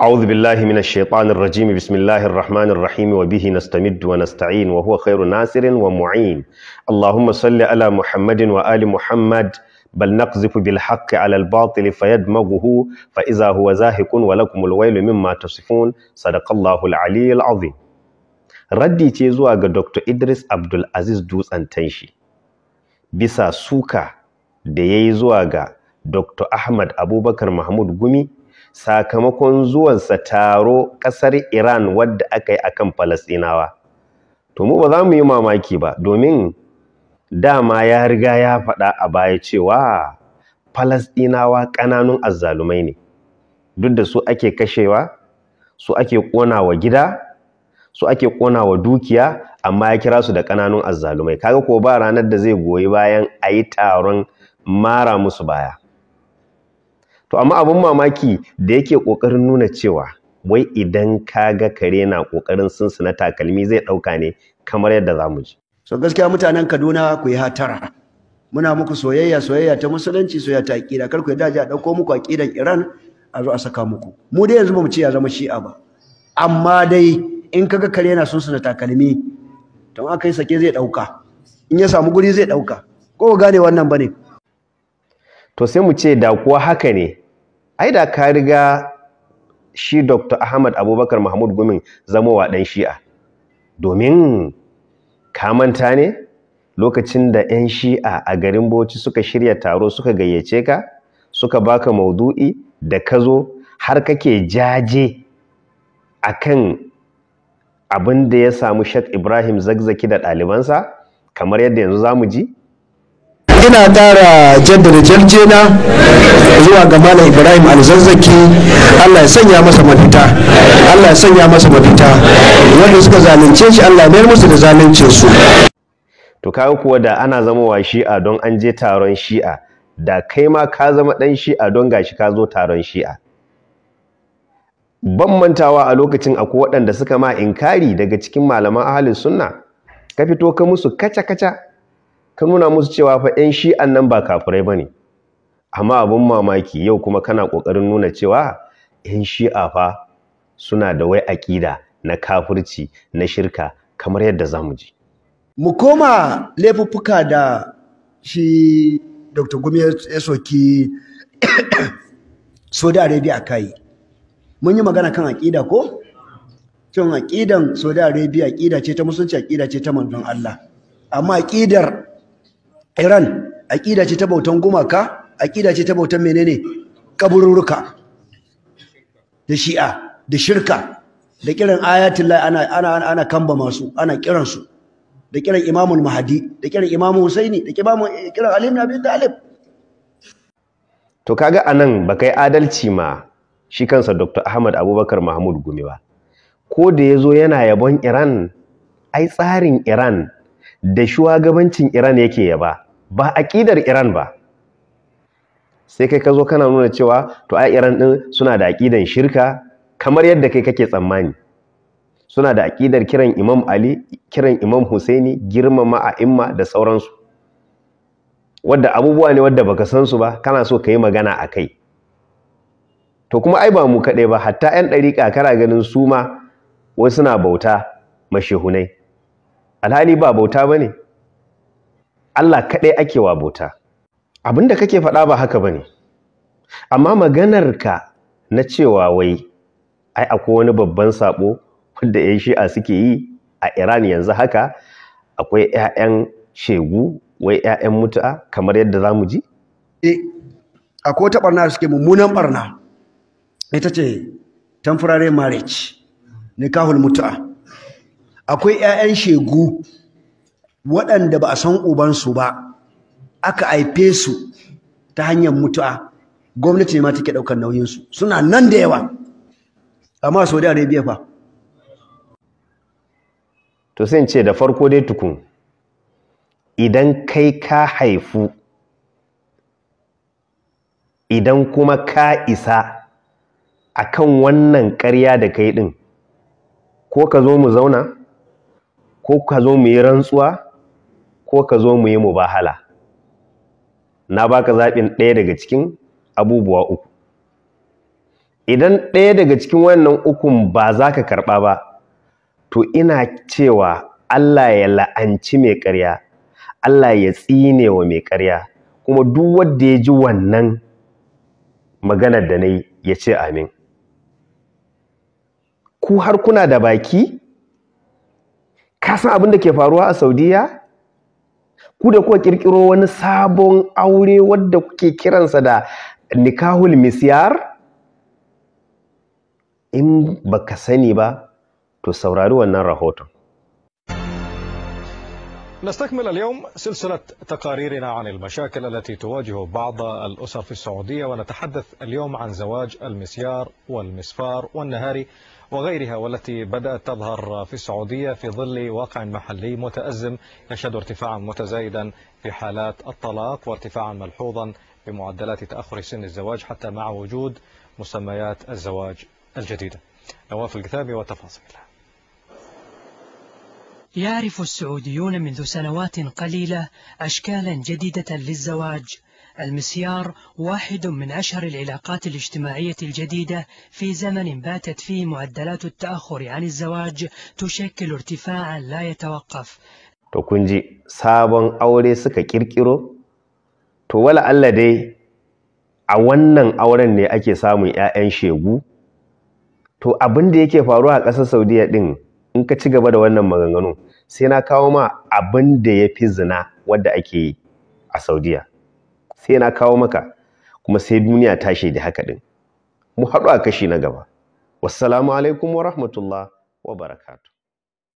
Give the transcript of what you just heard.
أعوذ بالله من الشيطان الرجيم بسم الله الرحمن الرحيم وبه نستمد ونستعين وهو خير ناصر ومعين اللهم صل على محمد وآل محمد بل نقذف بالحق على الباطل فيدمغه فإذا هو زاهق ولكم الويل مما تصفون صدق الله العلي العظيم ردي ce zuwa دكتور إدريس عبد العزيز دوس Dutsen بسا سوكا suka da دكتور أحمد أبو بكر محمود غمي sakamakon zuwansa taro ƙasar Iran wadda aka yi a kan Falasɗinawa. To mu ba za mu yi mamaki ba domin dama ya riga ya faɗa a baya cewa Falasɗinawa ƙananun azzalumai ne. Duk da su ake kashewa, su ake ƙona wa gida, su ake ƙona wa dukiya, amma ya kira su da ƙananun azzalumai. Kaga ko ba ranar da zai goyi bayan a yi taron mara musu baya. to amma abin mamaki da yake ƙoƙarin nuna cewa wai idan ka ga kare na ƙoƙarin sunsuna takalmi zai ɗauka ne kamar yadda za mu ji. so gaskiya mutanen kaduna ku yi hatara muna muku soyayya soyayya ta musulunci soyayya ta aƙida kar ku yarda a ɗauko muku aƙidan iran a zo a saka muku mu dai yanzu ba mu ce ya zama shi'a ba amma dai in ka ga kare na sunsuna takalmi to aka yi sake zai ɗauka in ya samu guri zai ɗauka ko gane wannan bane to sai mu ce da kuwa haka ne ai da ka riga shi Dr. Ahmad Abubakar Mahmud Gumin zamowa ɗan shi'a domin ka manta ne lokacin da 'yan shi'a a garin Bauchi suka shirya taro suka gayyace ka suka baka maudu'i da ka zo har kake jaje akan abin da ya samu Sheikh Ibrahim Zagzaki da ɗalibansa kamar yadda yanzu zamu ji ina ƙara jaddada jarjena zuwa ga malam ibrahim alzazzaki allah ya sanya masa mafita allah ya sanya masa mafita wanda suka zalunce shi allah mayar musu da zalunce su to kawo kuwa da ana zama wa shi'a don an je taron shi'a da kai ma ka zama dan shi'a don gashi ka zo taron shi'a ban mantawa a lokacin akwai waɗanda suka ma inkari daga cikin malaman ahalin sunna ka fito ka musu kaca-kaca ka nuna musu cewa fa 'yan shi'an nan ba kafirai ba ne amma abin mamaki yau kuma kana ƙoƙarin nuna cewa 'yan shi'a fa suna da wai aƙida na kafirci na shirka kamar yadda za mu ji mu koma laifuffuka da shi dr gumi ya soki saudi arabia a yi mun yi magana kan aƙida ko cin aƙidan saudi arabia aƙida ce ta musulunci aƙida ce ta manzon allah amma aƙidar iran aƙida ce ta bautan gumaka aƙida ce ta bautan menene kaburruka da shi'a da shirka da kiran ayatullahi ana ana ana kamba masu ana kiran su da kiran imamul mahdi da kiran imamu husaini da kiran kiran ali ibn abi talib to kaga anan ba kai adalci ma shi kansa dr ahmad abubakar mahmud gumi ba ko da yazo yana yabon iran ai tsarin iran da shugabancin Iran yake ya ba ba aqidar Iran ba sai kai ka zo kana nuna cewa to a Iran din suna da aqidan shirka kamar yadda kai kake tsammani suna da aƙidar kiran Imam Ali, kiran Imam Husaini, girmama imma da sauransu. Wadda abubuwa ne wadda baka san su ba, kana so ka yi magana a kai. To kuma ai ba mu kaɗai ba, hatta 'yan ɗariƙa kana ganin su ma wai suna bauta mashehunai. alhali ba bauta ba ne Allah kaɗai ake wa bauta abin kake faɗa ba haka ba ne amma maganarka na cewa wai ai akwai wani babban saɓo wanda 'yan shi'a suke yi a iran yanzu haka akwai 'ya'yan shegu wai 'ya'yan mutu'a kamar yadda za mu ji eh, akwai wata barna suke mummunan barna ita ce temporary marriage nikahul mutu'a akwai 'ya'yan shegu waɗanda ba a san ubansu ba aka haife su ta hanyar mutuwa, gwamnati ne ma take ɗaukar nauyinsu suna nan da yawa amma saudi arabia fa to sai ce da farko dai tukun idan kai ka haifu idan kuma ka isa akan wannan ƙarya da kai ɗin ko ka zo mu zauna ko ka zo mu yi rantsuwa ko ka zo mu yi mubahala na baka zaɓin ɗaya daga cikin abubuwa uku idan ɗaya daga cikin wannan ukun ba za ka karɓa ba to ina cewa Allah ya la'anci mai ƙarya Allah ya tsine wa mai ƙarya kuma duk wanda ya ji wannan maganar da na yi ya ce amin ku har kuna da baki ka san abin da ke faruwa a saudiya ku da kuka kirkiro wani sabon aure wadda kuke kiransa da nikahul misiyar in baka sani ba to saurari wannan rahoton نستكمل اليوم سلسلة تقاريرنا عن المشاكل التي تواجه بعض الأسر في السعودية ونتحدث اليوم عن زواج المسيار والمسفار والنهاري وغيرها والتي بدأت تظهر في السعودية في ظل واقع محلي متأزم يشهد ارتفاعا متزايدا في حالات الطلاق وارتفاعا ملحوظا في معدلات تأخر سن الزواج حتى مع وجود مسميات الزواج الجديدة نواف القثابي وتفاصيلها يعرف السعوديون منذ سنوات قليلة أشكالا جديدة للزواج المسيار واحد من أشهر العلاقات الاجتماعية الجديدة في زمن باتت فيه معدلات التأخر عن الزواج تشكل ارتفاعا لا يتوقف to kun أولي سكا كيركيرو suka ألا دي wala Allah dai a wannan auren ne ake samun 'ya'yan shegu to abin da yake faruwa a ƙasar Saudiya din in ka ci gaba da wannan maganganu sai na kawo ma abin da ya fi zina wadda ake yi a saudiya sai na kawo maka kuma sai duniya ta shaidi haka din mu haɗu a kashi na gaba wassalamu alaikum wa rahmatullah wa barakatu